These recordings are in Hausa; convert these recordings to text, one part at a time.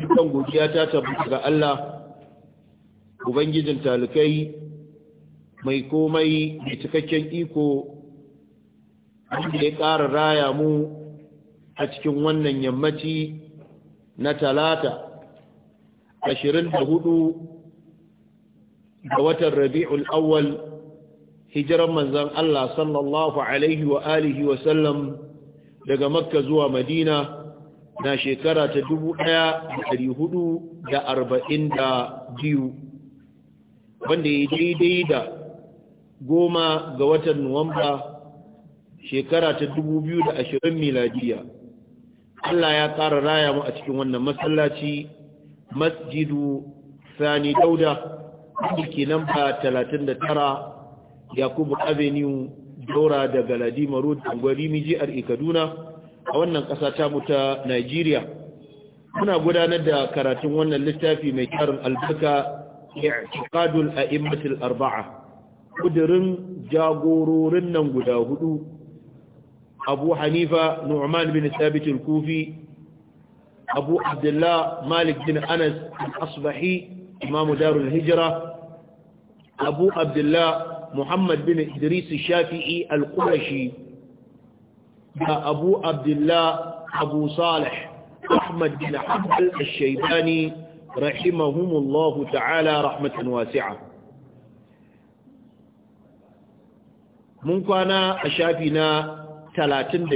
dukkan godiya ta tabbata ga Allah ubangijin talikai mai komai mai cikakken iko wanda ya ƙara raya mu a cikin wannan yammaci na talata ashirin da ga watan rabi'ul awwal hijiran manzan Allah sallallahu alaihi wa alihi wa sallam daga makka zuwa madina na shekara ta dubu ɗaya da hudu da arba'in da biyu, wanda ya daidai da goma ga watan nuwamba shekara ta dubu da ashirin miladiya Allah ya ƙara raya mu a cikin wannan masallaci masjidu sani dauda wanda ke nan ba tara yakubu avenue daura daga galadi Dangwari angwari miji kaduna a wannan ƙasa ta muta Najeriya muna gudanar da karatun wannan littafi mai tarin albarka i'tiqadul a'immatul arba'a kudirin jagororin nan guda hudu Abu Hanifa Nu'man bin Thabit al-Kufi Abu Abdullah Malik bin Anas al-Asbahi Imam Darul Hijra Abu Abdullah Muhammad bin Idris al-Shafi'i al-Qurashi da abu abdullah abu salih ahmad bin hanbal al-shaybani rahimahumullahu ta'ala rahmatan wasi'a mun kwana a shafi na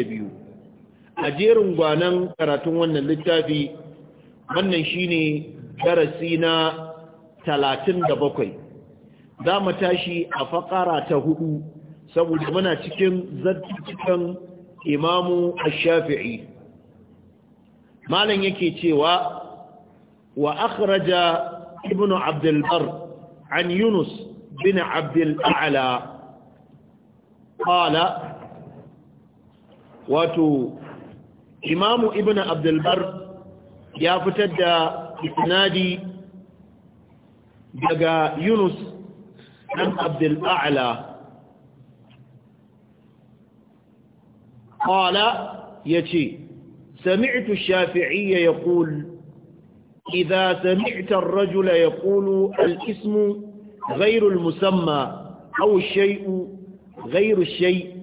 biyu. a jerin gwanan karatun wannan littafi wannan shine darasi na bakwai. za mu tashi a fakara ta hudu saboda muna cikin zartukan imamu ash-shafi'i malan yake cewa wa akhraja ibnu abd al-bar an yunus bin abd al-a'la qala wato imamu ibnu abd al-bar ya fitar da isnadi daga yunus dan abd al-a'la قال يتي سمعت الشافعي يقول إذا سمعت الرجل يقول الاسم غير المسمى أو الشيء غير الشيء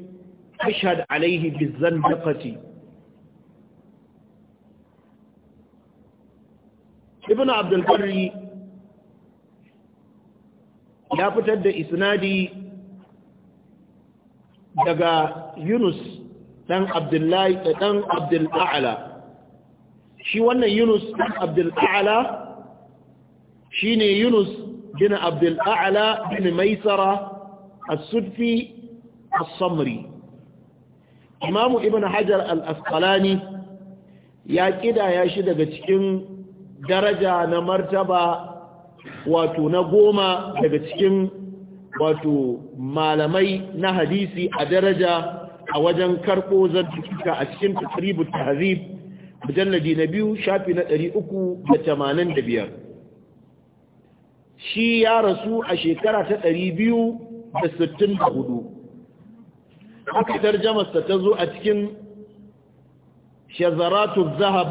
أشهد عليه بالزندقة ابن عبد البر ya إسنادي da يونس ɗan abdullahi da ɗan abdullahala shi wannan yunus ɗan abdullahala shi ne yunus gina abdullahala gina maisara a sufi a samri imamu ibn hajar al-asqalani ya kidaya shi daga cikin daraja na martaba wato na goma daga cikin wato malamai na hadisi a daraja a wajen karɓo zartuka a cikin tasribu tahzib mujalladi na biyu shafi na ɗari uku da tamanin da biyar shi ya rasu a shekara ta ɗari biyu da sittin da hudu aka tarjamarsa ta zo a cikin shazaratu zahab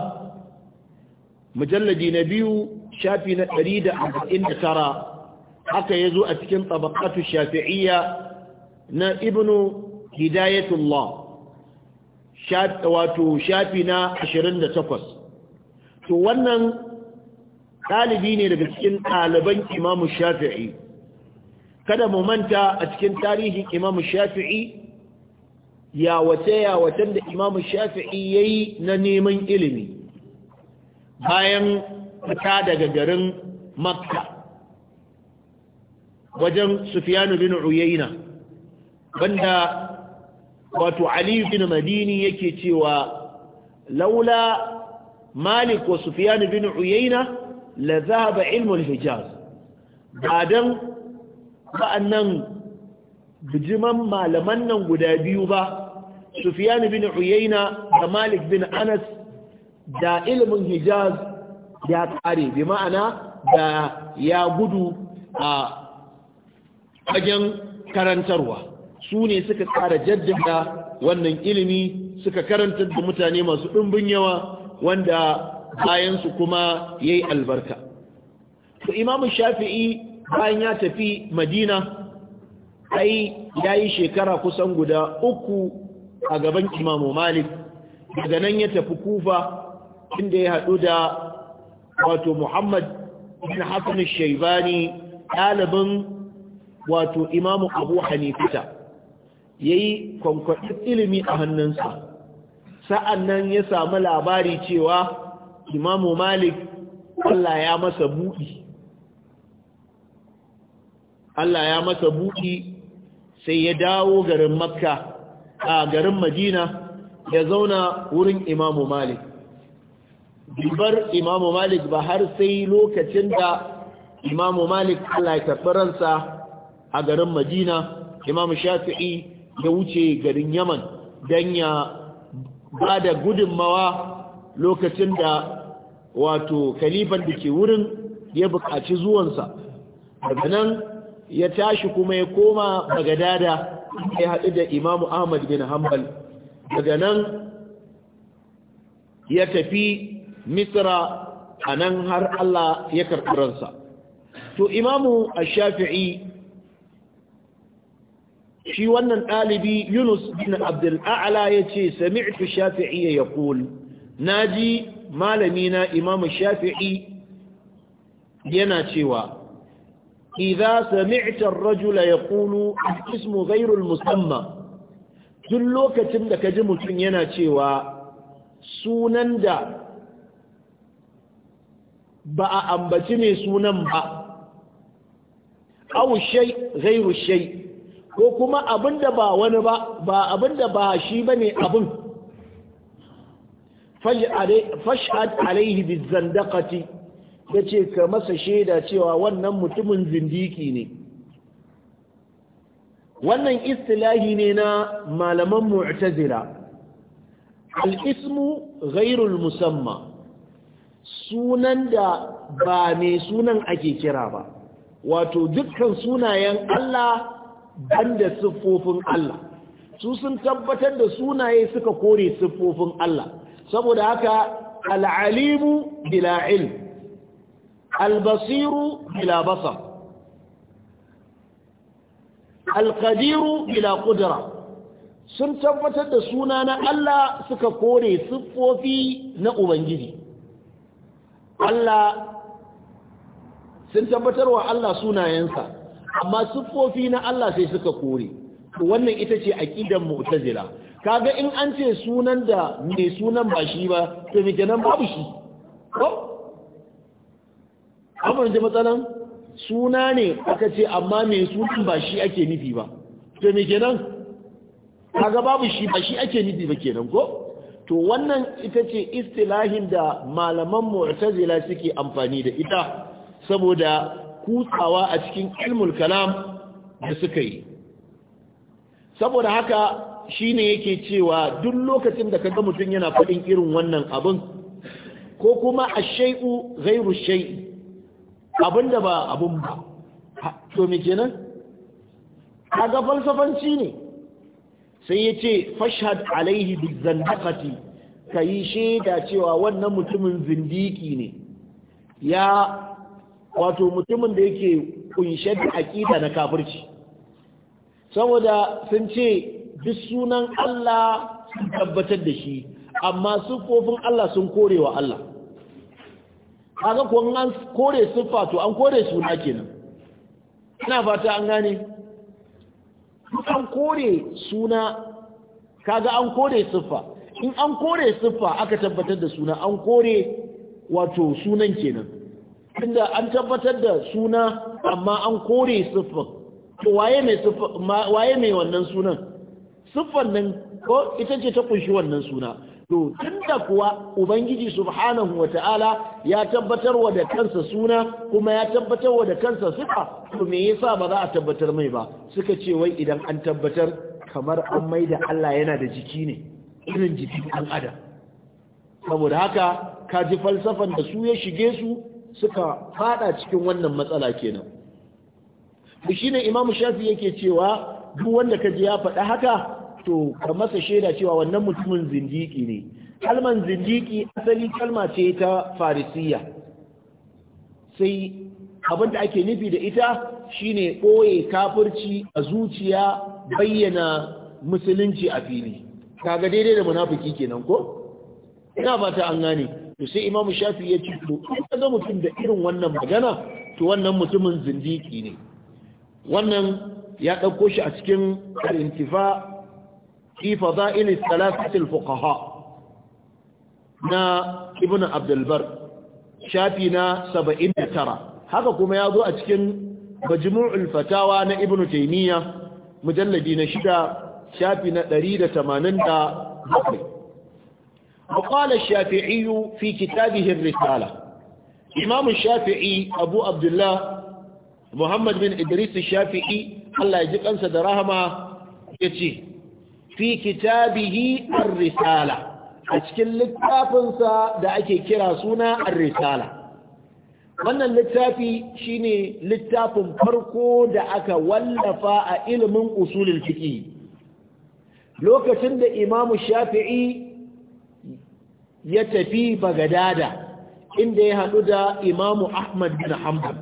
mujalladi na biyu shafi na ɗari da arba'in da tara haka ya zo a cikin tsabakatu shafi'iyya na ibnu hidayatullah wato shafi na 28 to wannan ɗalibi ne daga cikin ɗaliban imamu shafi'i kada mu manta a cikin tarihin imamu shafi'i ya yawacen ya watan da imamu shafi'i ya yi na neman ilimi bayan fita daga garin makka wajen sufiyanu bin uyayna wanda wato Ali bin Madini yake cewa laula Malik wa Sufyan bin Uyayna la zahaba ilmu al-Hijaz badan ba'annan bijiman malaman nan guda biyu ba Sufyan bin Uyayna da Malik bin Anas da ilmin Hijaz ya kare bi ma'ana da ya gudu a wajen karantarwa su ne suka ƙara jaddada wannan ilimi suka karanta da mutane masu ɗumbin yawa wanda bayansu kuma ya yi albarka to imamu shafi'i bayan ya tafi madina ai ya yi shekara kusan guda uku a gaban imamu malik daga nan ya tafi kufa inda ya haɗu da wato muhammad bin hasan shaibani ɗalibin wato imamu abu hanifita ya yi kwankwaɗin ilimi a hannunsa sa'an nan ya sami labari cewa imamu malik Allah ya masa buɗi Allah ya masa buɗi sai ya dawo garin makka a garin madina ya zauna wurin imamu malik dubar imamu malik ba har sai lokacin da imamu malik Allah ya tafi ransa a garin madina imamu shafi'i ya wuce garin yaman don ya ba da gudunmawa lokacin da wato kalifan da ke wurin ya bukaci zuwansa daga nan ya tashi kuma ya koma bagadada ya haɗu da imamu ahmad bin hanbal daga nan ya tafi misra a nan har Allah ya karɓi ransa to imamu a shafi'i shi wannan ɗalibi Yunus bin Abdul A'la ce sami'tu Shafi'i yaqul naji malami na Imam Shafi'i yana cewa idza sami'ta ar-rajula yaqulu ismu ghayru musamma duk lokacin da kaji mutum yana cewa sunan da ba a ambaci mai sunan ba aw shay ghayru shay ko kuma abin da ba wani ba ba abin da ba shi ba ne abin fashad alaihi bizandakati ya ce ka masa shaida cewa wannan mutumin zindiki ne wannan istilahi ne na malaman mu'tazila al'ismu ghairul musamma sunan da ba mai sunan ake kira ba wato dukkan sunayen Allah banda siffofin Allah su sun tabbatar da sunaye suka kore siffofin Allah saboda haka al'alimu bila ilm albasiru bila basar alkadiru bila kudura sun tabbatar da suna na Allah suka kore siffofi na Ubangiji Allah sun tabbatar wa Allah sunayensa amma siffofi na Allah sai suka kore wannan ita ce aqidan mu'tazila kaga in an ce sunan da ne sunan ba shi ba to me kenan babu shi ko amma da matsalan suna ne aka ce amma me sunan ba shi ake nufi ba to me kenan kaga babu shi ba shi ake nufi ba kenan ko to wannan ita ce istilahin da malaman mu'tazila suke amfani da ita saboda kutsawa a cikin ilmul kalam da suka yi saboda haka shi ne yake cewa duk lokacin da kaga mutum yana faɗin irin wannan abin ko kuma ashai'u ghairu abin abinda ba abun ba to me kenan kaga falsafanci ne sai yace fashhad alaihi ka kai shaida cewa wannan mutumin zindiki ne ya wato mutumin da yake kunshe da aƙida na kafirci saboda sun ce duk sunan Allah sun tabbatar da shi amma su kofin Allah sun korewa Allah kaga kuwa an kore siffa to an kore suna kenan ina fata an gane an kore suna kaga an kore siffa in an kore siffa aka tabbatar da suna an kore wato sunan kenan tunda an tabbatar da suna amma an kore siffar to waye mai wannan sunan siffar nan ko ita ce ta kunshi wannan suna to tunda kuwa ubangiji subhanahu wata'ala ya tabbatar wa da kansa suna kuma ya tabbatar wa da kansa sifa to me yasa ba za a tabbatar mai ba suka ce wai idan an tabbatar kamar an mai da Allah yana da jiki ne irin jikin ɗan adam saboda haka ka ji falsafan da su ya shige su suka fada cikin wannan matsala kenan shi ne imamu shafi yake cewa duk wanda ka ji ya faɗa haka to ka masa shaida cewa wannan mutumin zindiki ne kalman zindiki asali kalma ce ta farisiya sai abin da ake nufi da ita shine ɓoye kafirci a zuciya bayyana musulunci a fili kaga daidai da munafiki kenan ko ina fata an gane to sai imamu shafi ya ce to in ga mutum da irin wannan magana to wannan mutumin zindiki ne wannan ya ɗauko shi a cikin al-intifa fi fada'il salasatil fuqaha na ibn abdulbar shafi na 79 haka kuma ya zo a cikin majmu'ul fatawa na ibn taymiya mujalladi na shida shafi na 187 وقال الشافعي في كتابه الرسالة إمام الشافعي أبو عبد الله محمد بن إدريس الشافعي الله يجب أن سدرهما يتي في كتابه الرسالة أشكل لكتابنسا دعك كراسونا الرسالة wannan littafi shine littafin farko da aka wallafa a ilimin usulul fiqh lokacin da imamu shafi'i ya tafi bagadada inda ya haɗu da imamu ahmad bin hanbal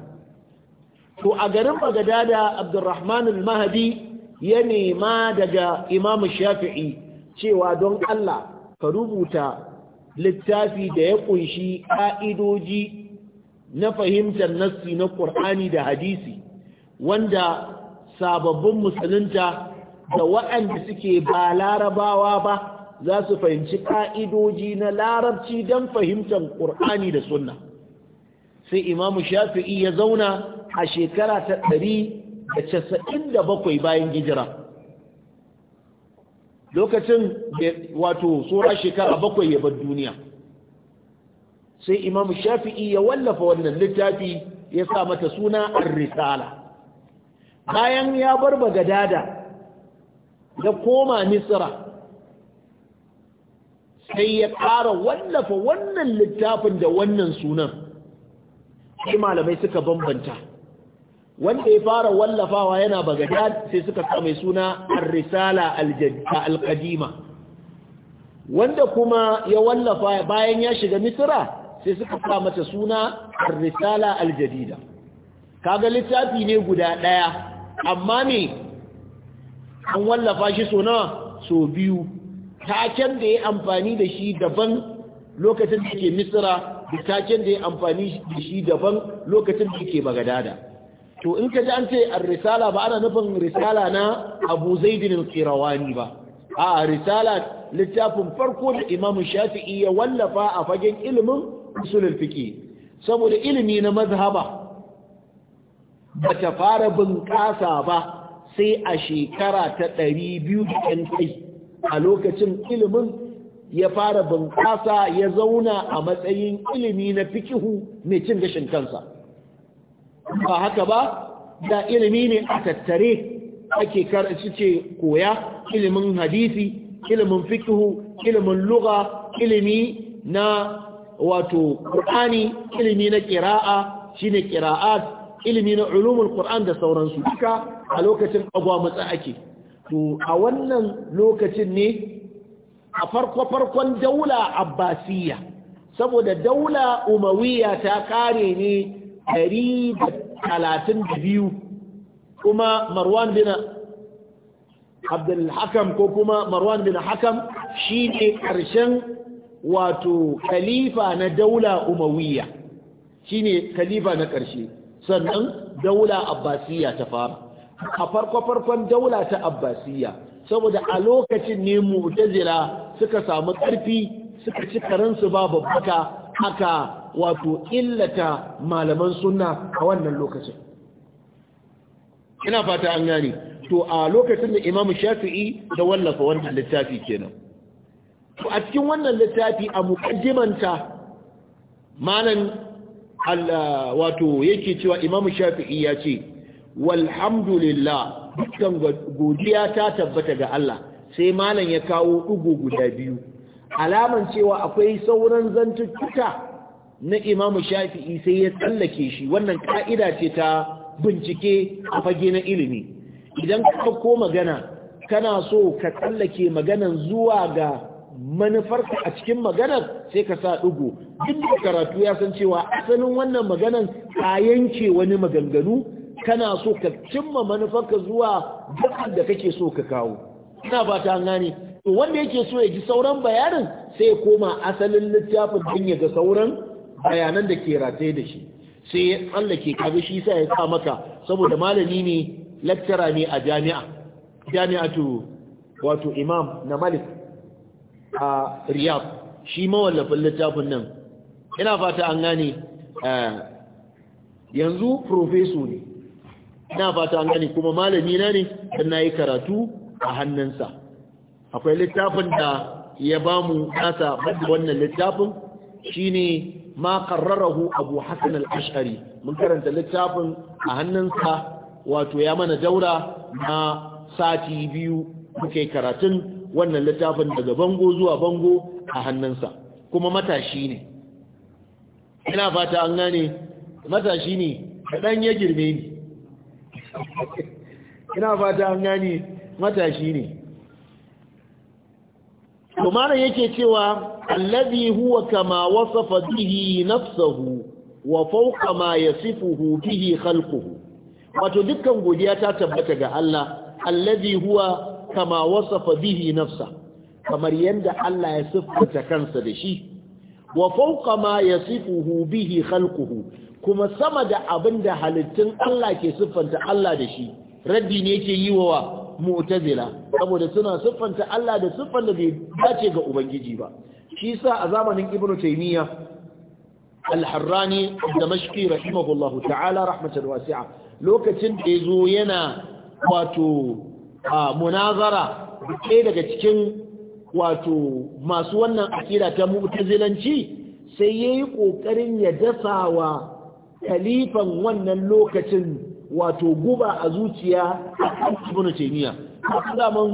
to a garin bagadada abdurrahman al-mahdi ya nema daga imamu shafi'i cewa don allah ka rubuta littafi da ya ƙunshi ƙa'idoji na fahimtar nassi na ƙur'ani da hadisi wanda sababbin musulunta da waɗanda suke ba larabawa ba za su fahimci ka'idoji na larabci don fahimtar ƙur'ani da sunna sai imamu shafi'i ya zauna a shekara ta ɗari da casa'in da bakwai bayan gijira lokacin wato tsora shekara bakwai ya bar duniya sai imamu shafi'i ya wallafa wannan littafi ya sa mata suna an risala bayan ya bar bagadada ya koma misra sai ya ƙara wallafa wannan littafin da wannan sunan sai malamai suka bambanta wanda ya fara wallafawa yana bagadad sai suka kame suna arrisala risala al wanda kuma ya wallafa bayan ya shiga misira, sai suka sa mata suna arrisala risala al kaga littafi ne guda ɗaya, amma ne an wallafa shi so nawa so biyu taken da ya amfani da shi daban lokacin da yake Misira, da taken da ya amfani da shi daban lokacin da yake bagadada to in ka ji an ce ar-risala ba ana nufin risala na Abu Zaid al ba a risala littafin farko da Imam Shafi'i ya wallafa a fagen ilimin usulul fiqi saboda ilimi na mazhaba ta fara bunƙasa ba sai a shekara ta 200 kai a lokacin ilimin ya fara bunƙasa ya zauna a matsayin ilimi na fikihu mai cin gashin kansa ba haka ba da ilimi ne a tattare ake karanci ce koya ilimin hadisi ilimin fikihu ilimin luga ilimi na wato ƙur'ani, ilimi na shi shine ƙira'a ilimi na ulumul ƙur'an da sauransu duka a lokacin agwamutsa ake to a wannan lokacin ne a farko-farkon daula abbasiya saboda daula umawiya ta kare ne 132 kuma marwan bin abdulhakam ko kuma marwan bin hakam shi ne ƙarshen wato khalifa na daula umawiya shi ne khalifa na ƙarshe sannan daula abbasiya ta fara a farko-farkon daula ta abbasiyya saboda a lokacin ne mu'tazila suka samu ƙarfi suka ci karansu ba babbaka aka wato illata malaman sunna a wannan lokacin ina fata an gani. to a lokacin da imamu shafi'i da wallafa wannan littafi kenan to a cikin wannan littafi a muƙaddimanta malam wato yake cewa imamu shafi'i ya ce walhamdulillah dukkan godiya ta tabbata ga Allah sai malam ya kawo ɗugo guda biyu alaman cewa akwai sauran zantuttuka na imamu shafi'i sai ya tsallake shi wannan ka'ida ce ta bincike a fage na ilimi idan ka ko magana kana so ka tsallake maganan zuwa ga manufarka a cikin maganar sai ka sa ɗugo duk da karatu ya san cewa asalin wannan maganan ka yanke wani maganganu kana so ka cimma manufarka zuwa dukkan da kake so ka kawo ina ba ta gane to wanda yake so ya ji sauran bayanin sai ya koma asalin littafin din ya ga sauran bayanan da ke rataye da shi sai Allah ke kabi shi sai ya sa maka saboda malami ne lecturer ne a jami'a jami'atu wato imam na malik a riyab shi mawallafin littafin nan ina fata an gane eh, yanzu Professor ne ina fata an gani kuma malami na ne dan nayi karatu a hannunsa akwai littafin da ya bamu nasa babu wannan littafin shine ma qarrarahu Abu Hasan al-Ash'ari mun karanta littafin a hannunsa wato ya mana daura na sati biyu muke karatun wannan littafin daga bango zuwa bango a hannunsa kuma matashi ne ina fata an gani matashi ne kaɗan ya girme ni ina fata an gani matashi ne kuma yake cewa allazi huwa kama wasafa bihi nafsuhu wa fawqa ma yasifuhu bihi khalquhu wato dukkan godiya ta tabbata ga Allah allazi huwa kama wasafa bihi nafsa kamar yanda Allah ya siffata kansa da shi wa fawqa ma yasifuhu bihi khalquhu kuma sama da abin da halittun Allah ke siffanta Allah da shi raddi ne yake yi wa mu'tazila saboda suna siffanta Allah da siffan da bai dace ga ubangiji ba shi sa a zamanin Ibn taymiya al-harrani damashqi rahimahullahu ta'ala rahmatan wasi'a lokacin da yazo yana wato munazara ɗaya daga cikin wato masu wannan akida ta mu'tazilanci sai yayi kokarin ya dasawa kalifan wannan lokacin wato guba a zuciya ibnu taymiya zaman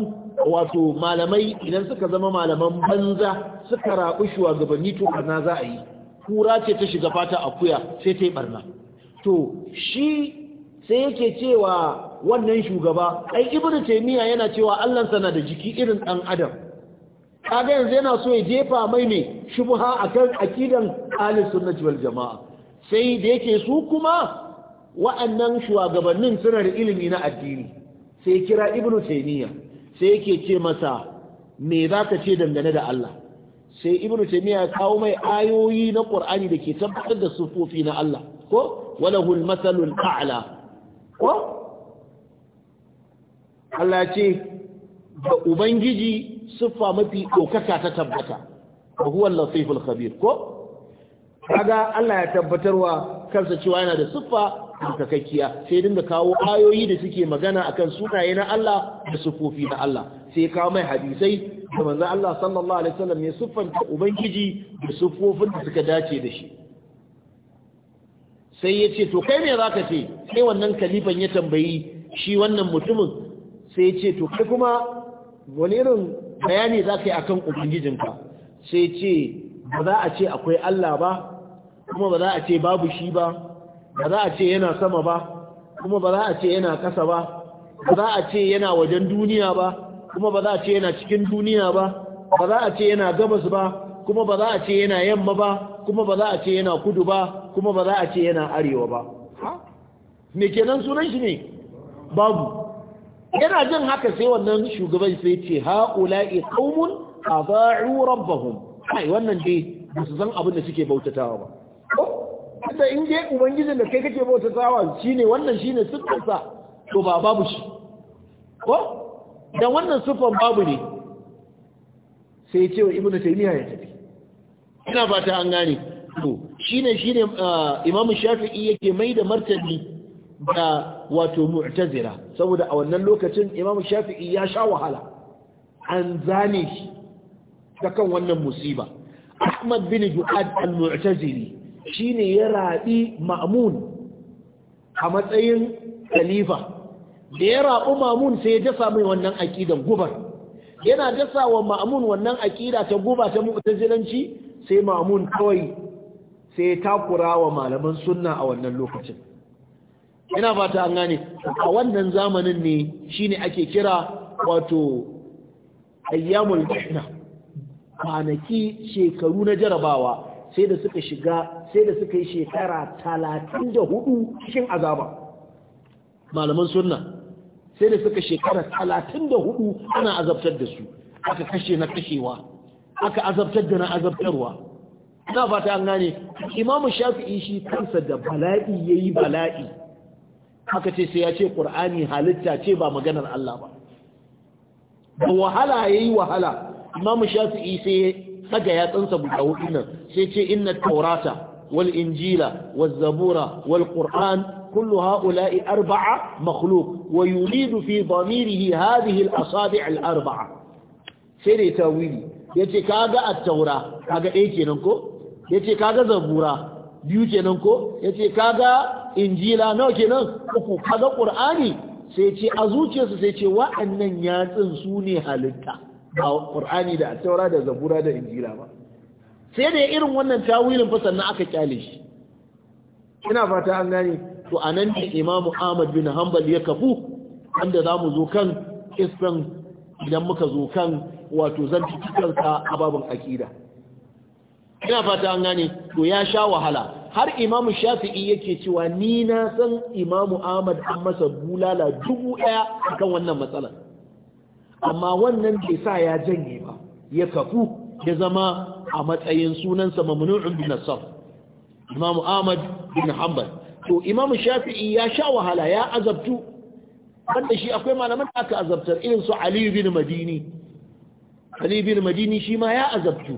wato malamai idan suka zama malaman banza suka rabu shugabanni to kana za a yi kura ce ta shiga fata akuya sai ta yi barna to shi sai yake cewa wannan shugaba ai ibnu taymiya yana cewa Allah sana da jiki irin dan adam kaga yanzu yana so ya jefa mai ne shubha akan akidan ahlus sunnah wal jamaa sai da yake su kuma wa'annan shugabannin suna da ilimi na addini sai kira ibnu taimiyya sai yake ce masa me zaka ce dangane da Allah sai ibnu ya kawo mai ayoyi na Ƙur'ani da ke tabbatar da sufofi na Allah ko walahu masalul a'la ko Allah ce da ubangiji siffa mafi ɗaukaka ta tabbata wa huwa al-latiful khabir ko kaga Allah ya tabbatarwa kansa cewa yana da siffa tsarkakakkiya sai dinga kawo ayoyi da suke magana akan sunaye na Allah da sufofi na Allah sai kawo mai hadisai da manzo Allah sallallahu alaihi wasallam ya siffanta ubangiji da sufofin da suka dace da shi sai ya ce to kai me zaka ce sai wannan kalifan ya tambayi shi wannan mutumin sai ya ce to kai kuma wani irin bayani zaka yi akan ubangijinka sai ya ce ba za a ce akwai Allah ba kuma ba za a ce babu shi ba ba za a ce yana sama ba kuma ba za a ce yana ƙasa ba ba za a ce yana wajen duniya ba kuma ba za a ce yana cikin duniya ba ba za a ce yana gabas ba kuma ba za a ce yana yamma ba kuma ba za a ce yana kudu ba kuma ba za a ce yana arewa ba me kenan sunan shi ne babu yana jin haka sai wannan shugaban sai ce ha'ula'i qaumun aba'u rabbahum ai wannan dai ba su san abin da suke bautatawa ba da in je ubangijin da kai kake bauta tsawa shine wannan shine siffarsa to ba babu shi ko dan wannan siffan babu ne sai ce wa ibnu taymiya ya tafi ina fata an gane to shine shine uh, imam shafi'i yake mai da martani da wato mu'tazira saboda a wannan lokacin imam shafi'i ya sha wahala an zane shi ta kan wannan musiba ahmad bin ju'ad al-mu'tazili shi ne ya raɓi Ma'amun a matsayin khalifa da ya raɓi Ma'amun sai ya dasa mai wannan aƙidan gubar yana dasa wa Ma'amun wannan aƙida ta guba ta mu'tazilanci sai Ma'amun kawai sai ya takura wa malaman sunna a wannan lokacin Yana fata an gane a wannan zamanin ne shine ake kira wato ayyamul kwanaki shekaru na jarabawa sai da suka shiga sai da suka yi shekara talatin da hudu cikin azaba malaman sunna sai da suka shekara talatin da hudu ana azabtar da su aka kashe na kashewa aka azabtar da na azabtarwa na fata an gane imamu shafi'i shi kansa da bala'i ya yi bala'i aka ce sai ya ce ƙur'ani halitta ce ba maganar Allah ba da wahala ya yi wahala imamu shafi'i sai daga yatsansa guda hudu nan sai ce inna taurata wal injila wal zabura wal qur'an kullu ha'ula'i arba'a makhluq wa yulidu fi dhamirihi hadhihi al asabi' al arba'a sai dai tawili yace kaga at-taura kaga ɗaya kenan ko yace kaga zabura biyu kenan ko yace kaga injila nawa kenan uku kaga qur'ani sai ce a zuciyarsa sai ce wa'annan yatsin su ne halitta ba ƙur'ani da taura da zabura da injila ba sai da irin wannan tawilin fa sannan aka kyale shi ina fata an gane to anan ne Imam Ahmad bin Hanbal ya kafu wanda zamu zo kan iskan idan muka zo kan wato zanti cikin a ababin akida ina fata an gane to ya sha wahala har Imam Shafi'i yake cewa ni na san Imam Ahmad an masa bulala dubu daya akan wannan matsalar amma wannan bai sa ya janye ba ya kafu ya zama a matsayin sunansa mamnu'un bin nasab imam ahmad bin hanbal to imam shafi'i ya sha wahala ya azabtu wanda shi akwai malaman da aka azabtar irin su ali bin madini ali bin madini shi ma ya azabtu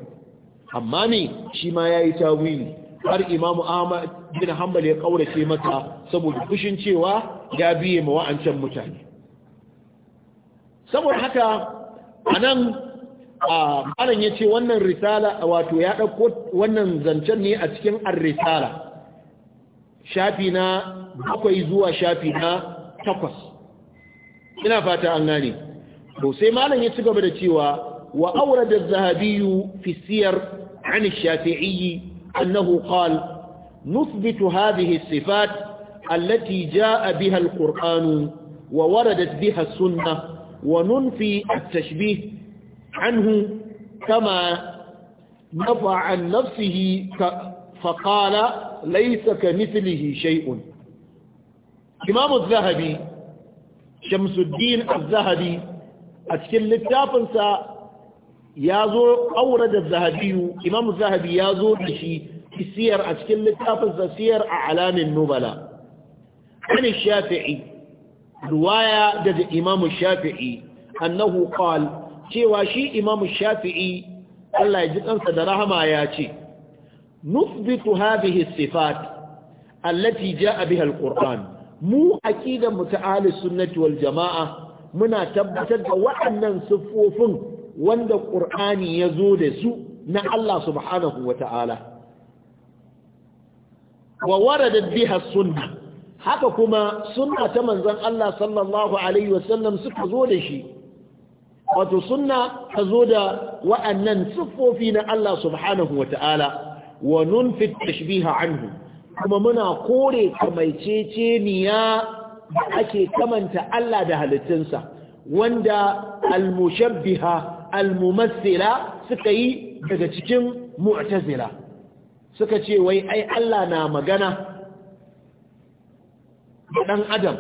amma ne shi ma yayi tawili har imam ahmad bin hanbal ya kaurace mata saboda fushin cewa ya biye ma wa'ancan mutane saboda haka a nan malam ya ce wannan risala wato ya ɗauko wannan zancen ne a cikin ar-risala shafi na bakwai zuwa shafi na takwas ina fata an gane to sai malam ya ci gaba da cewa wa aurada da zahabiyu, fisiyar, siyar an annahu qala nuthbitu hadhihi sifat allati jaa biha al wa waradat biha as-sunnah وننفي التشبيه عنه كما نفى عن نفسه فقال ليس كمثله شيء إمام الذهبي شمس الدين الذهبي أتكل للتافنسة يازو أورد الذهبي إمام الذهبي يازو لشي في السير أتكل للتافنسة سير أعلام النبلاء عن الشافعي ruwaya daga imamu shafi'i annahu qal cewa shi imamu shafi'i Allah ya ji kansa da rahama ya ce nusbitu hadhihi sifat allati jaa biha alquran mu aqidan mutaali sunnati wal jamaa muna tabbatar da waɗannan siffofin wanda qur'ani ya zo da su na Allah subhanahu wa ta'ala wa waradat biha sunnah haka kuma sunna ta manzon Allah sallallahu alaihi wasallam suka zo da shi wato sunna ta zo da wa'annan siffofi na Allah subhanahu wata'ala wa nun tashbiha anhu kuma muna kore kamaiceceniya da ake kamanta Allah da halittunsa wanda almushabbiha, mushabbiha suka yi daga cikin mu'tazila suka ce wai ai Allah na magana da ɗan adam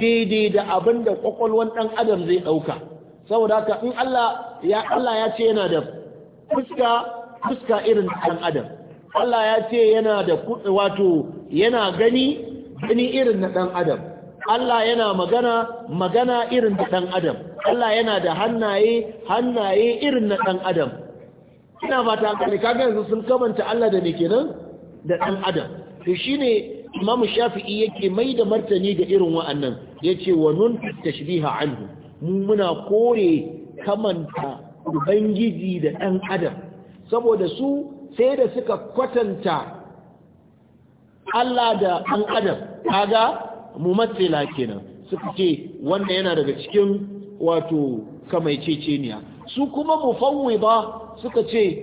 daidai da abin da kwakwalwan ɗan adam zai ɗauka saboda haka in Allah ya Allah ya ce yana da fuska fuska irin ɗan adam Allah ya ce yana da wato yana gani gani irin na ɗan adam Allah yana magana magana irin da ɗan adam Allah yana da hannaye hannaye irin na ɗan adam ina ba ta kaga yanzu sun kamanta Allah da ne kenan da ɗan adam to shine imamu shafi'i yake mai da martani ga irin wa'annan ya ce wa nun tashbiha anhu mu muna kore kamanta ubangiji da ɗan adam saboda su sai da suka kwatanta Allah da ɗan adam kaga mu matsala kenan suka ce wanda yana daga cikin wato kamaiceceniya su kuma mu ba suka ce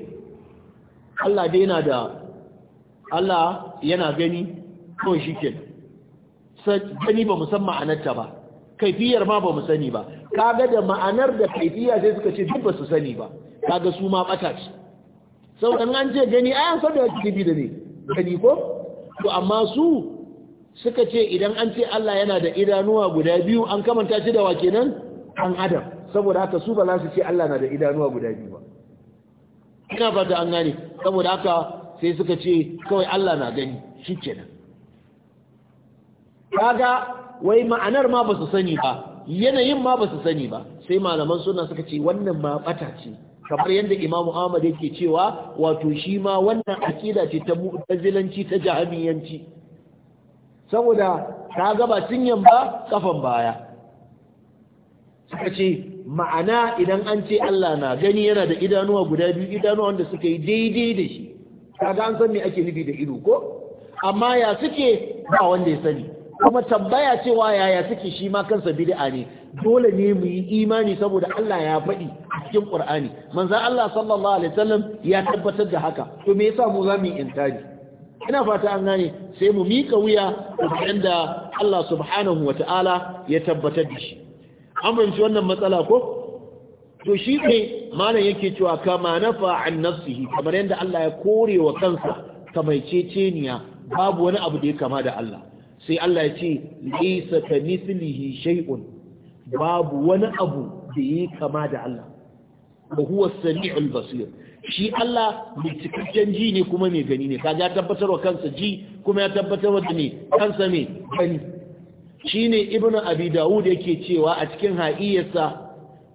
Allah dai yana da Allah yana gani kawai shi ke gani ba musan ma'anarta ba kaifiyar ma ba mu sani ba kaga da ma'anar da kaifiyar sai suka ce duk ba su sani ba kaga su ma bata ce sau an ce gani ayan yansa da kibi da ne gani ko to amma su suka ce idan an ce Allah yana da idanuwa guda biyu an kamanta shi da wake nan an adam saboda haka su ba za su ce Allah na da idanuwa guda biyu ba ina fata an gane saboda haka sai suka ce kawai Allah na gani shi kenan kaga wai ma'anar ma ba su sani ba yanayin ma ba su sani ba sai malaman suna suka ce wannan ma bata ce kamar yadda imam ahmad yake cewa wato shi ma wannan akida ce ta mu'tazilanci ta jahamiyanci saboda ta gaba cinyan ba kafan baya suka ce ma'ana idan an ce Allah na gani yana da idanuwa guda biyu idanuwa wanda suka yi daidai da shi kaga an san me ake nufi da ido ko amma ya suke ba wanda ya sani kuma tambaya cewa yaya suke shi ma kansa bid'a ne dole ne mu yi imani saboda Allah ya faɗi a cikin Qur'ani manzo Allah sallallahu alaihi wasallam ya tabbatar da haka to me yasa mu zamu intani ina fata an gane sai mu mika wuya da Allah subhanahu wata'ala ya tabbatar da shi an fahimci wannan matsala ko to shi ne malam yake cewa kama nafa an nafsihi kamar yadda Allah ya kore wa kansa ceceniya? babu wani abu da ya kama da Allah sai Allah ya ce laysa kamithlihi shay'un babu wani abu da yi kama da Allah wa huwa samiul basir shi Allah mai cikakken ji ne kuma mai gani ne kaga ya tabbatar wa kansa ji kuma ya tabbatar wa ne kansa mai gani shine ibnu abi daud yake cewa a cikin ha'iyarsa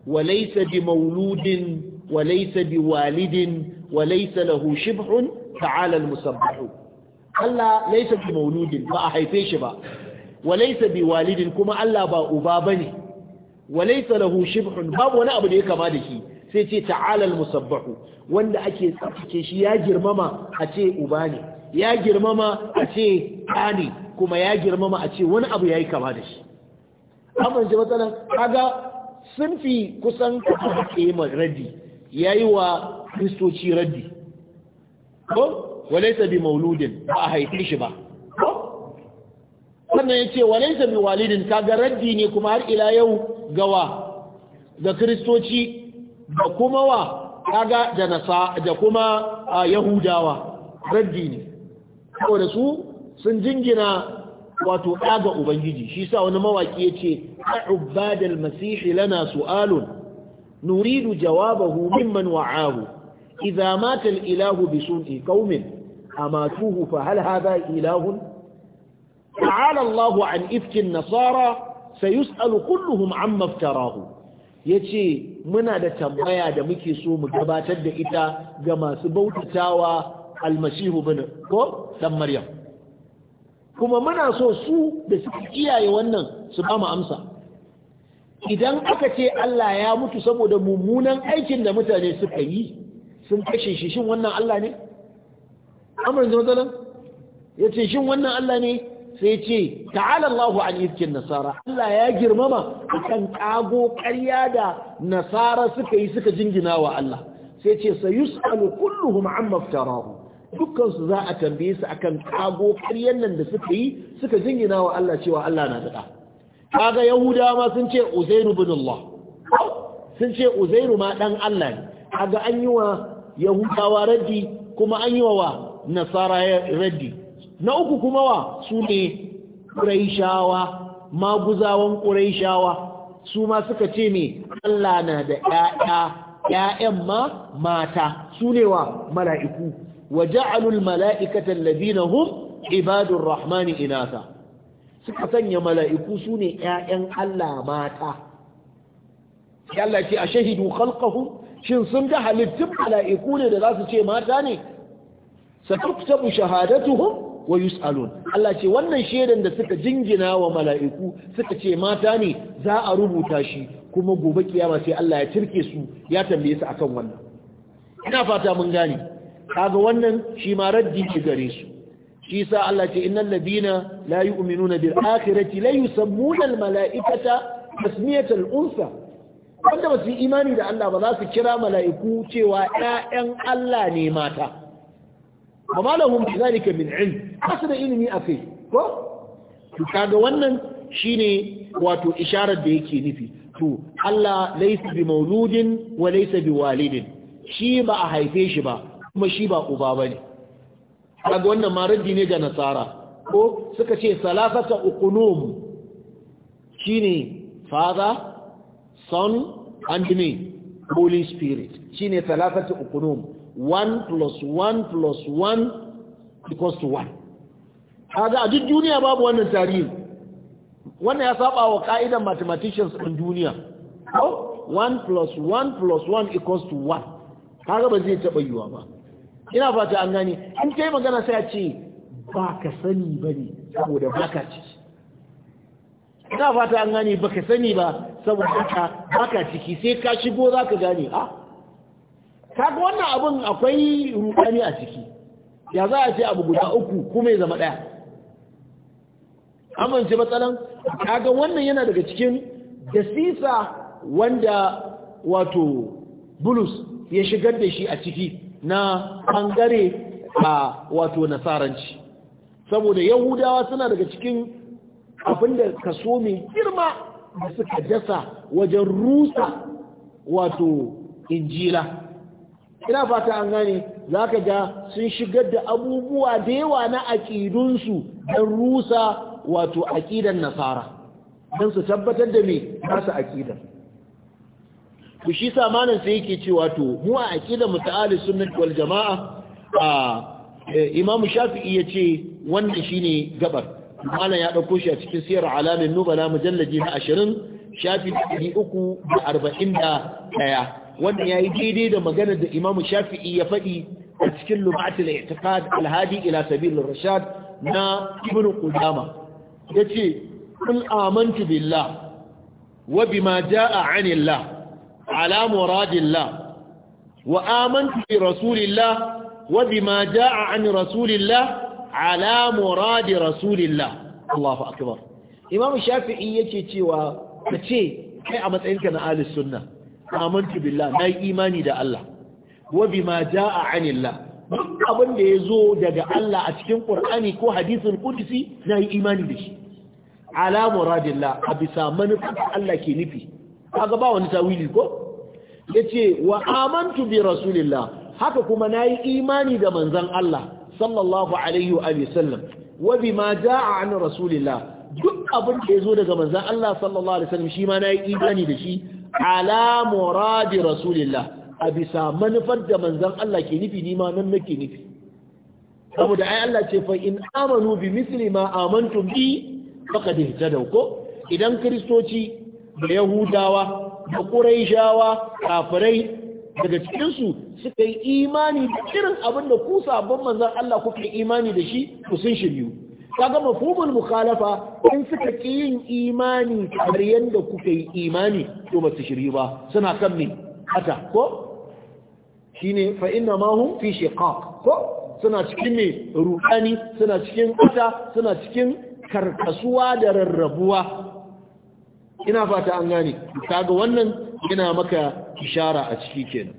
wa laysa bi mauludin wa laysa bi walidin wa laysa lahu shibhun ta'ala al Allah laisa bi mauludin ba a haife shi ba wa laisa bi walidin kuma Allah ba uba bane wa laisa lahu shibhun babu wani abu da ya kama da shi sai ce ta'ala musabbahu wanda ake tsaftace shi ya girmama a ce uba ne ya girmama a ce ɗa kuma ya girmama a ce wani abu yayi kama da shi amma ji matsalan kaga sun fi kusan kuma ke raddi yayi wa kristoci raddi ko walaysa bi mauludin ba a haife shi ba wannan yace walaysa bi walidin kaga raddi ne kuma har ila yau gawa ga kristoci da kuma wa kaga da nasa da kuma yahudawa raddi ne saboda su sun jingina wato ɗaga ubangiji shi sa wani mawaki yace a'ubadal masihi lana su'alun nuridu jawabahu mimman wa'ahu idza mata al-ilahu bisui qaumin أماتوه فهل هذا إله تعالى الله عن إفك النصارى سيسأل كلهم عما افتراه yace muna da tambaya da muke so mu gabatar da ita ga masu bautatawa almasihu bin ko dan maryam kuma muna so su da suke iyaye wannan su ba mu amsa idan aka ce Allah ya mutu saboda mummunan aikin da mutane suka yi sun kashe shi shin wannan Allah ne amurin da matsalan ya ce shin wannan Allah ne sai ce ta'ala Allahu an irkin nasara Allah ya girmama kan ƙago ƙarya da nasara suka yi suka jingina wa Allah sai ce sayus'alu kulluhum amma iftarahu dukkan za a tambaye su akan kago ƙaryan nan da suka yi suka jingina wa Allah cewa Allah na da kaga yahudawa ma sun ce uzairu bin Allah sun ce uzairu ma ɗan Allah ne kaga an yi wa yahudawa raddi kuma an yi wa nasara ya raddi na uku kuma wa su ne ƙuraishawa maguzawan ƙuraishawa su ma suka ce ne Allah na da ƴaƴa ƴaƴan ma mata su ne wa mala'iku wa ja'alul mala'ikata alladhina hum ibadur rahmani inatha suka sanya mala'iku su ne ƴaƴan Allah mata Allah ce a shahidu khalqahum shin sun ga halittun mala'iku ne da za su ce mata ne satuktabu shahadatuhum wa yus'alun Allah ce wannan shedan da suka jingina wa mala'iku suka ce mata ne za a rubuta shi kuma gobe kiyama sai Allah ya tirke su ya tambaye su akan wannan ina fata mun gane kaga wannan shi ma raddi ki gare su shi sa Allah ce innal ladina la yu'minuna bil akhirati la yusammuna al mala'ikata tasmiyatal unsa wanda ba su yi imani da Allah ba za su kira mala'iku cewa ‘ya'yan Allah ne mata, ba ma lahum bi zalika min ilm kasu da ilimi kai ko to kaga wannan shine wato isharar da yake nufi to Allah laysa bi mauludin wa laysa bi walidin shi ba a haife shi ba kuma shi ba uba ba bane kaga wannan ma raddi ne ga nasara ko suka ce salasata uqunum shine father son and me holy spirit shine salasata uqunum one plus one plus one equals to one haga a duk duniya babu wannan tarihi wannan ya saba wa ka'idan mathematicians ɗin duniya one plus one plus one equals to one haga ba zai taɓa yiwa ba ina fata an gani in kai magana sai a ce ba ka sani ba ne saboda ba ka ciki ina fata an gani ba ka sani ba saboda ba ka ciki sai ka shigo za ka gane ah kaga wannan abin akwai rukani a ciki ya za a ce abu guda uku kuma ya zama ɗaya amince matsalan kaga wannan yana daga cikin dasisa wanda wato bulus ya shigar da shi a ciki na ɓangare a wato nasaranci saboda yahudawa suna daga cikin abinda kaso mai girma da suka dasa wajen rusa wato injila ina fata an gane za ka ga sun shigar da abubuwa da yawa na aƙidunsu don rusa wato aƙidan nasara don su tabbatar da mai nasa aƙidan ku shi samanin sai yake ce wato mu a aƙidan mutu'ali sunan wal jama'a a e, imam shafi'i ya ce wannan ne gabar malam ya ɗauko shi a cikin siyar alamin nubala mujallaji na ashirin shafi ɗari uku da arba'in da ɗaya wannan yayi daidai da maganar da Imam Shafi'i ya faɗi a cikin lum'atul al-I'tiqad al ila Sabil rashad na Ibn Qudama yace kul amantu billah wa bima jaa 'anillah ala muradillah wa amantu bi rasulillah wa bima jaa 'an rasulillah ala muradi rasulillah Allahu akbar Imam Shafi'i yake cewa kace kai a matsayinka na ahlus sunnah amantu billah na yi imani da Allah wa bima jaa anillah duk abin da ya zo daga Allah a cikin Qur'ani ko hadisin qudsi na yi imani da shi ala muradillah a bisa manufar Allah ke nufi kaga ba wani tawili ko yace wa amantu bi rasulillah haka kuma na yi imani da manzon Allah sallallahu alaihi wa sallam wa bima jaa an rasulillah duk abin da zo daga manzon Allah sallallahu alaihi wasallam shi ma na yi imani da shi ala muradi rasulillah a bisa manufar da manzon Allah ke nufi ni ma nan nake nufi saboda ai Allah ce fa in amanu bi misli ma amantum bi faqad ihtadaw ko idan kristoci da yahudawa da quraishawa kafirai daga cikin su suka yi imani da irin abin da ku sabon manzon Allah kuka yi imani da shi ku sun shiryu kaga mafhumul mukhalafa in suka ki yin imani kamar yanda kuka yi imani to ba su shiri ba suna kan ne ata ko shine fa inna ma hum fi shiqaq ko suna cikin me ruhani suna cikin ata suna cikin karkasuwa da rarrabuwa ina fata an gane kaga wannan yana maka ishara a ciki kenan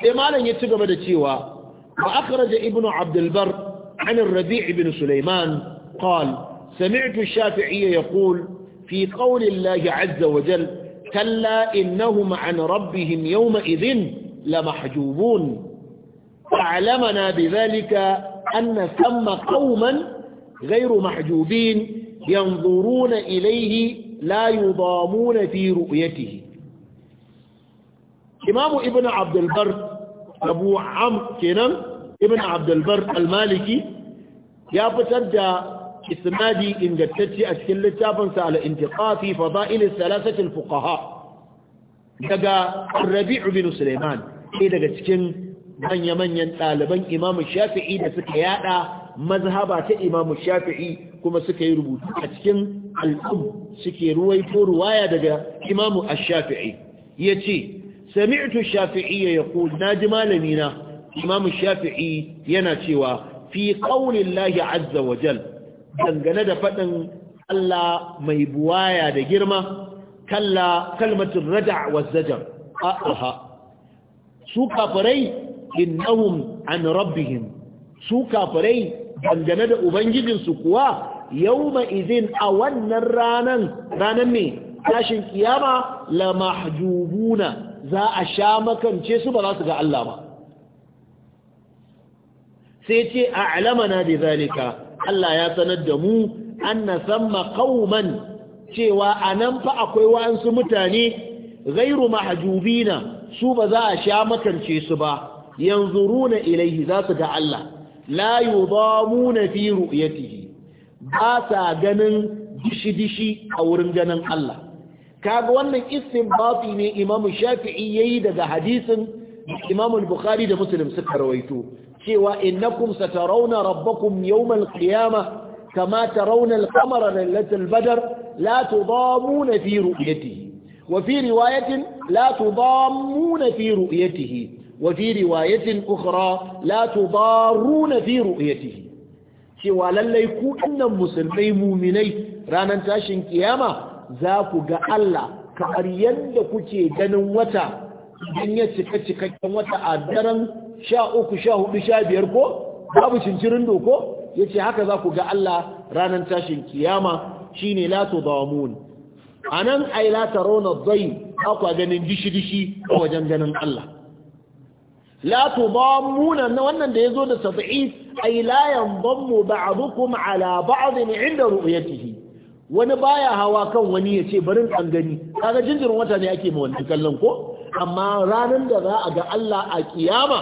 sai malam ya ci gaba da cewa wa akhraja ibnu abdul bar عن الربيع بن سليمان قال سمعت الشافعي يقول في قول الله عز وجل كلا إنهم عن ربهم يومئذ لمحجوبون فعلمنا بذلك أن ثم قوما غير محجوبين ينظرون إليه لا يضامون في رؤيته إمام ابن عبد البر أبو عمرو كنم ibn abdulbar al-maliki ya fitar da isnadi ingantacce a cikin littafinsa al-intiqafi ba thalathati al-fuqaha daga Rabi'u bin Sulaiman sai daga cikin manya-manyan ɗaliban Imam Shafi'i da suka yada mazhaba ta Imam Shafi'i kuma suka yi rubutu a cikin al suke ruwaito ruwaya daga Imam Ash-Shafi'i yace sami'tu Shafi'i ji malami malamina imam shafi'i yana cewa fi qaulillahi lahi azza wa jal dangane da faɗin Allah mai buwaya da girma kalla kalmatin rada' wa zajar a'aha. su kafirai innahum an rabbihim su kafirai dangane da ubangijinsu kuwa yau izin a wannan ranan ranan ne tashin kiyama la mahjubuna za a sha makance su ba za su ga Allah ba sai ce a alamana bi zalika Allah ya sanar da mu na samma qauman cewa anan fa akwai wa'ansu mutane gairu mahajubina su ba za a sha makance su ba Yanzu runa ilaihi za su ga Allah la yudamuna fi ru'yatihi ba sa ganin dishi-dishi a wurin ganin Allah kaga wannan istinbati ne Imam Shafi'i yayi daga hadisin Imam Bukhari da Muslim suka rawaito cewa innakum satarawna rabbakum yawmal qiyamah kama tarawna al-qamara lailatul badr la tudamuna fi ru'yatihi wa fi riwayatin la tudamuna fi ru'yatihi wa fi riwayatin ukhra la tudaruna fi ru'yatihi cewa lallai ku annan musulmai muminai ranar tashin kiyama za ku ga Allah kamar yadda kuke ganin wata idan ya cika cikakken wata a daren sha uku sha hudu sha biyar ko babu cincirin doko ya ce haka za ku ga Allah ranar tashin kiyama shi ne lato wamun a nan ai lata raunar zai akwa ganin dishi-dishi a wajen ganin Allah lato Muna na wannan da ya zo da saba'i ai layan banmu ba'adukum ala ne inda ru'uyatihi wani baya hawa kan wani ya ce barin an gani kaga jinjirin wata ne ake ma wani, kallon ko amma ranar da za a ga Allah a kiyama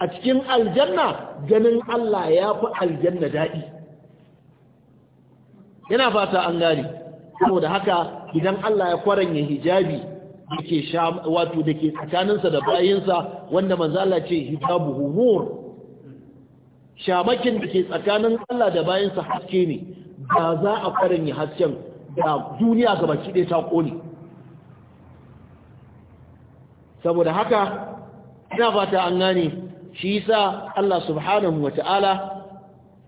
a cikin aljanna ganin Allah ya fi aljanna daɗi yana fata an Kuma da haka idan Allah ya kwaranya hijabi da ke wato da ke tsakaninsa da bayinsa wanda manzala ce hijabu humur shamakin da ke tsakanin Allah da bayansa haske ne ba za a kwaranya hasken da duniya gabaki ɗaya ta ƙone saboda haka ina fata an gane shi yasa Allah subhanahu wata'ala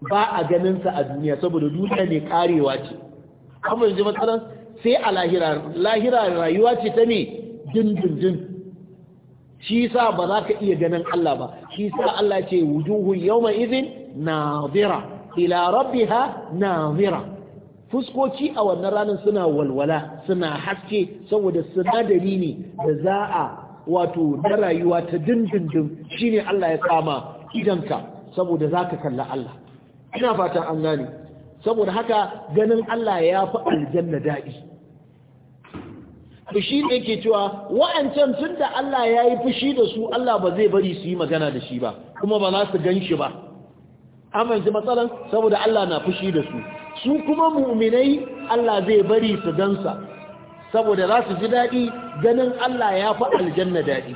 ba a ganin sa a duniya saboda duniya ne karewa ce kuma yanzu matsalan sai a lahira lahira rayuwa ce ta ne dindindin shi yasa ba za ka iya ganin Allah ba shi yasa Allah ce wujuhu yawma idhin bira. ila rabbiha bira. Fuskoci a wannan ranar suna walwala suna haske saboda sinadari ne da za a wato na rayuwa ta dindindin shine Allah ya kama idanka saboda zaka kalla Allah ina fatan an gane saboda haka ganin Allah ya fi aljanna daɗi fushi ne yake cewa wa'ancan tun da Allah ya yi fushi da su Allah ba zai bari su yi magana da shi ba kuma ba za su gan shi ba amince matsalan saboda Allah na fushi da su su kuma mu'minai Allah zai bari su gansa saboda za su ji daɗi ganin Allah ya fi aljanna daɗi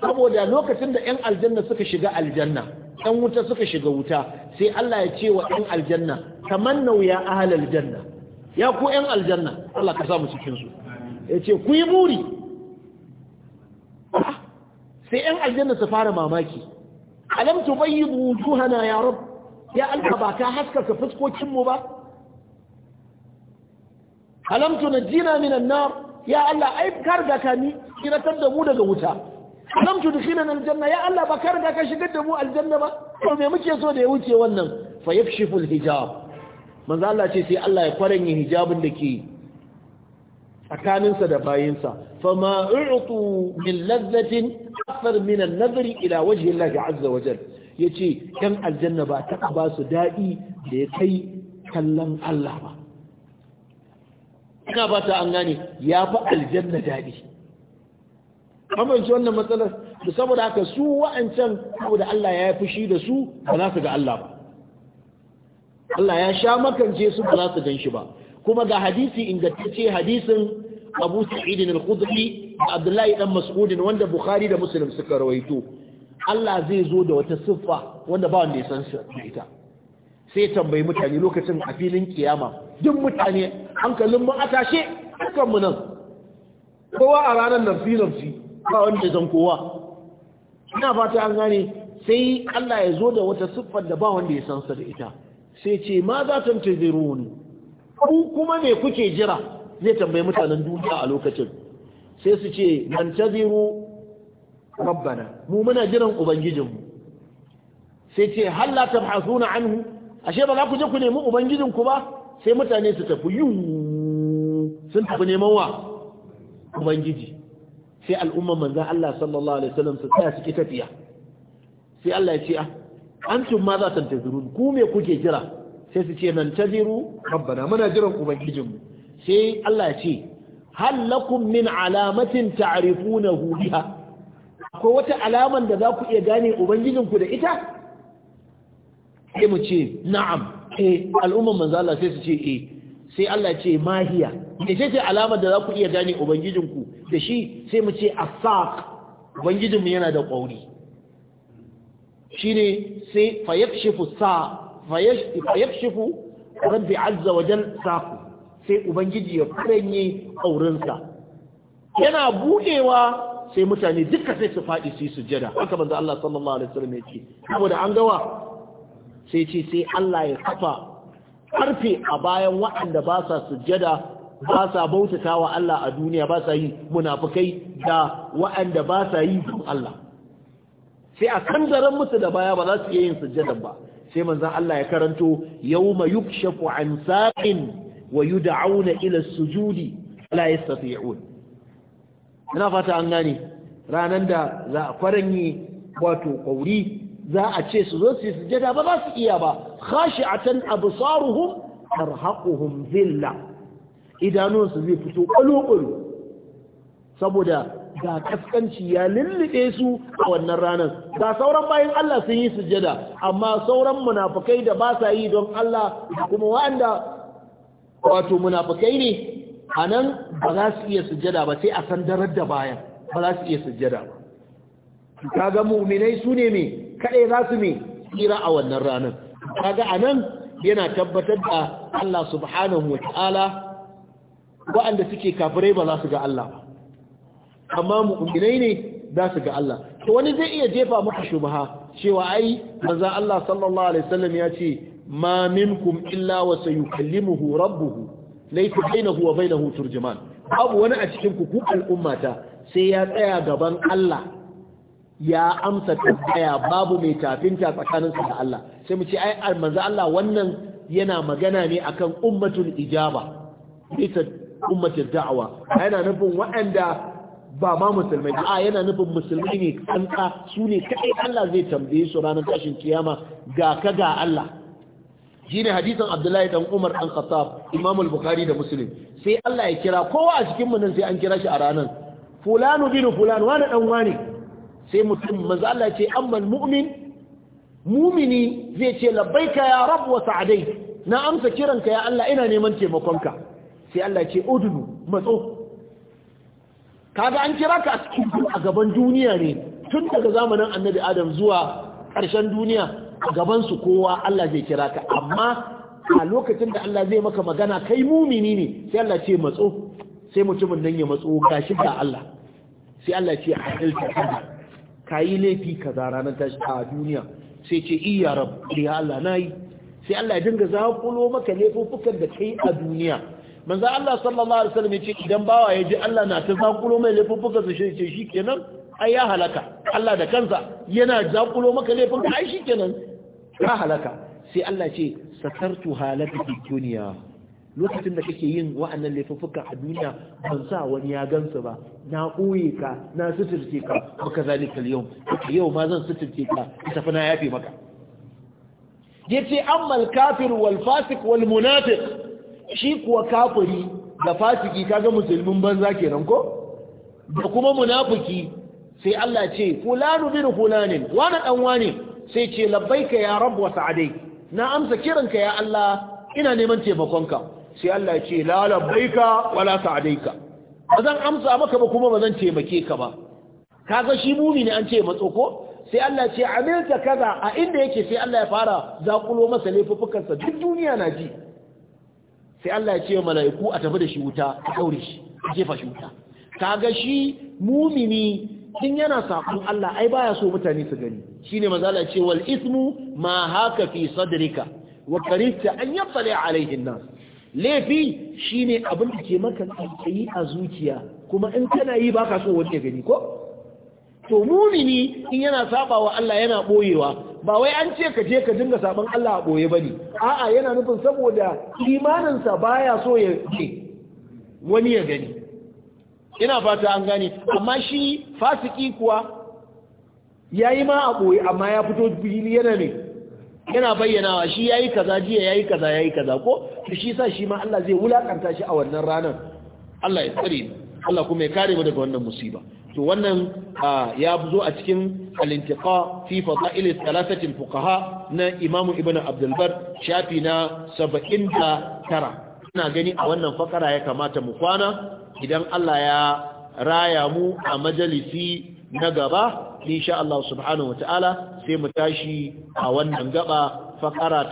saboda lokacin da 'yan aljanna suka shiga aljanna 'yan wuta suka shiga wuta sai Allah ya ce wa 'yan aljanna tamannau ya ahal janna. ya ku 'yan aljanna Allah ka samu cikinsu ya ce ku yi buri. Ah, sai 'yan aljanna su fara mamaki alam tubayyidu wujuhana ya rab ya Allah ba ka haskaka fuskokinmu ba na jina minan nar ya Allah ai kar da ka ni kiratar da mu daga wuta alam tudkhilana janna ya Allah ba kar da ka shigar da mu aljanna ba to me muke so da ya wuce wannan fa yakshifu alhijab manzo Allah ce sai Allah ya yin hijabin da ke tsakaninsa da bayinsa ma u'tu min ladhatin akthar min an-nadri ila wajhi Allah azza wa jalla yace kan aljanna ba ta ba su dadi da ya kai kallon Allah ba ina ba ta an gane ya fi aljanna daɗi amince wannan matsalar da saboda haka su wa'ancan saboda Allah ya fushi da su ba za su ga Allah ba Allah ya sha makance su ba za su gan shi ba kuma ga hadisi ingantacce hadisin Abu Sa'id al-Khudri da Abdullahi dan Mas'ud wanda Bukhari da Muslim suka rawaito Allah zai zo da wata siffa wanda ba wanda ya san ita sai tambayi mutane lokacin a filin kiyama duk mutane hankalin mu a tashe dukan mu nan kowa a ranar nafsi nafsi ba wanda zan kowa ina fata an gane sai Allah ya zo da wata siffar da ba wanda ya san sa da ita sai ce ma za ta taziruni ku kuma me kuke jira zai tambayi mutanen duniya a lokacin sai su ce man taziru rabbana mu muna jiran ubangijinmu sai ce hal la tabhasuna anhu ashe ba za ku je ku nemi ubangijinku ba sai mutane su tafi yiwu sun tafi neman wa ubangiji sai al'umman manzan Allah sallallahu alaihi wasallam su tsaya suke tafiya sai Allah ya ce an ah, antum ma za tantazirun ku me kuke jira sai su ce nan taziru rabbana muna jiran ubangijinmu sai Allah ya ce hal lakum min alamatin ta'rifunahu biha akwai wata alaman da za ku iya gane ubangijinku da ita sai mu ce na'am eh al'umman manzo Allah sai su ce eh sai Allah ce mahiya me ce alamar da za ku iya gane ubangijinku da shi sai mu ce asaq ubangijinmu yana da kauri shine sai fayakshifu sa fayakshifu rabbi azza wa jal saqu sai ubangiji ya kuranye aurensa. yana budewa sai mutane duka sai su faɗi su yi sujjada haka manzo Allah sallallahu alaihi wasallam ce. saboda an gawa sai ce sai Allah ya kafa ƙarfe a bayan waɗanda ba sa sujjada ba sa bautata wa Allah a duniya ba sa yi munafukai da waɗanda ba sa yi don Allah sai a kan zaren musu da baya ba za su iya yin sujjadan ba sai manzan Allah ya karanto yawma shafu an sa'in wa da'auna ila sujudi la yastati'un ina fata an gane Ranar da za a wato kauri za a ce su zo su yi sujada ba za su iya ba khashi'atan absaruhum tarhaquhum zilla idanun su zai fito kalokalo saboda ga kaskanci ya lullube su a wannan ranar ga sauran bayan Allah sun yi sujada amma sauran munafikai da ba sa yi don Allah kuma wanda wato munafukai ne anan ba za su iya sujada ba sai a san darar da bayan ba za su iya sujada ba kaga mu'minai su ne me kaɗai za su ne tsira a wannan ranar kaga a nan yana tabbatar da Allah subhanahu wa ta'ala waɗanda suke kafirai ba za su ga Allah ba amma mu'minai ne za su ga Allah to wani zai iya jefa maka shubha cewa ai manzo Allah sallallahu alaihi wasallam ya ce ma minkum illa wa sayukallimuhu rabbuhu laysa bainahu wa bainahu turjuman abu wani a cikin ku ku al'ummata sai ya tsaya gaban Allah ya amsa tambaya babu mai tafinta tsakaninsa da Allah sai mu ce ai manzo Allah wannan yana magana ne akan ummatul ijaba ita ummatul da'awa yana nufin waɗanda ba ma musulmai a yana nufin musulmai ne kanka su ne kai Allah zai tambaye su ranar tashin kiyama ga ka ga Allah shine hadisin Abdullahi dan Umar dan Khattab Imam al-Bukhari da Muslim sai Allah ya kira kowa a cikin mu nan sai an kira shi a ranar fulanu bin fulan wani dan wani sai mutum manzo Allah ce amma mu'min mumini zai ce labbaika ya rabb wa sa'adai na amsa kiranka ya Allah ina neman taimakonka sai Allah ce udnu matso kaga an kira ka a cikin a gaban duniya ne tun daga zamanin annabi adam zuwa ƙarshen duniya a gaban su kowa Allah zai kira ka amma a lokacin da Allah zai maka magana kai mumini ne sai Allah ce matso sai mutumin nan ya matso gashi ga Allah sai Allah ce a ilta ka yi laifi kaza ranar tashi a duniya sai ce iya rab ya Allah na yi sai Allah ya dinga zaƙulo maka laifofukan da kai a duniya manzan Allah sallallahu alaihi wasallam ya ce idan bawa ya ji Allah na ta zaƙulo mai laifofukan su shi ce shikenan ai ya halaka Allah da kansa yana zaƙulo maka laifin ai kenan ka halaka sai Allah ce satartu halaka fi duniya lokacin da kake yin wa'annan laifuffuka a duniya ban sa wani ya gansu ba na ɓoye ka na suturce ka maka zalika yau yau ma zan suturce ka ita fa na yafe maka yace ammal kafir wal fasik wal Munafik, shi kuwa kafiri da fasiki kaga musulmin banza kenan ko da kuma munafiki sai Allah ce fulanu bin fulanin wani dan wani sai ce labbaika ya rabb wa sa'adai na amsa kiranka ya Allah ina neman taimakonka sai Allah ya ce la labbaika wala sa'daika ba zan amsa maka ba kuma ba zan taimake ka ba kaga shi mumini an ce matso sai Allah ya ce amilta kaza a inda yake sai Allah ya fara zakulo masa laifukan sa duk duniya na ji sai Allah ya ce mala'iku a tafi da shi wuta a daure shi a jefa shi wuta kaga shi mumini tun yana sakon Allah ai baya so mutane su gani shine maza Allah ce wal ismu ma haka fi sadrika wa karita an a alaihin nas laifi shine abin da ke maka tsakayi a zuciya kuma in kana yi baka so wanda gani ko to mumini in yana saba wa Allah yana boyewa ba wai an ce ka je ka dinga saban Allah a boye bane a'a yana nufin saboda imaninsa baya so ya ce wani ya gani ina fata an gane amma shi fasiki kuwa yayi ma a boye amma ya fito fili yana ne yana bayyanawa shi yayi kaza jiya yayi kaza yayi kaza ko shi sa shi ma Allah zai wulakanta shi a wannan ranar Allah ya tsare mu Allah kuma ya kare mu daga wannan musiba to wannan ya zo a cikin al-intiqa fi fadail thalathati fuqaha na Imam Ibn Abdul Bar shafi na 79 ina gani a wannan fakara ya kamata mu kwana idan Allah ya raya mu a majalisi na gaba insha Allah subhanahu wataala sai mu tashi a wannan gaba fakara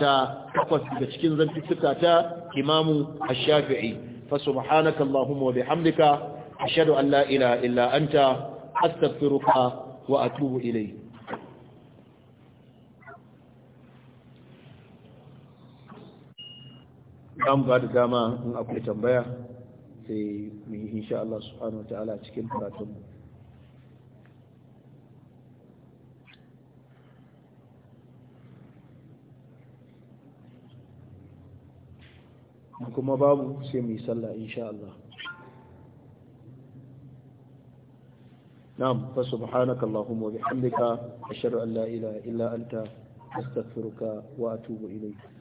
takwas daga cikin zantuttuka ta Imam Ash-Shafi'i fa subhanaka Allahumma wa bihamdika ashhadu an la ilaha illa anta astaghfiruka wa atubu ilayk an ba da dama in akwai tambaya sai mu yi insha Allah subhanahu wa ta'ala cikin karatunmu kuma babu sai mai salla insha Allah na'am fa subhanaka allahumma a bihamdika ashhadu an la ilaha illa anta astaghfiruka wa atubu ilayk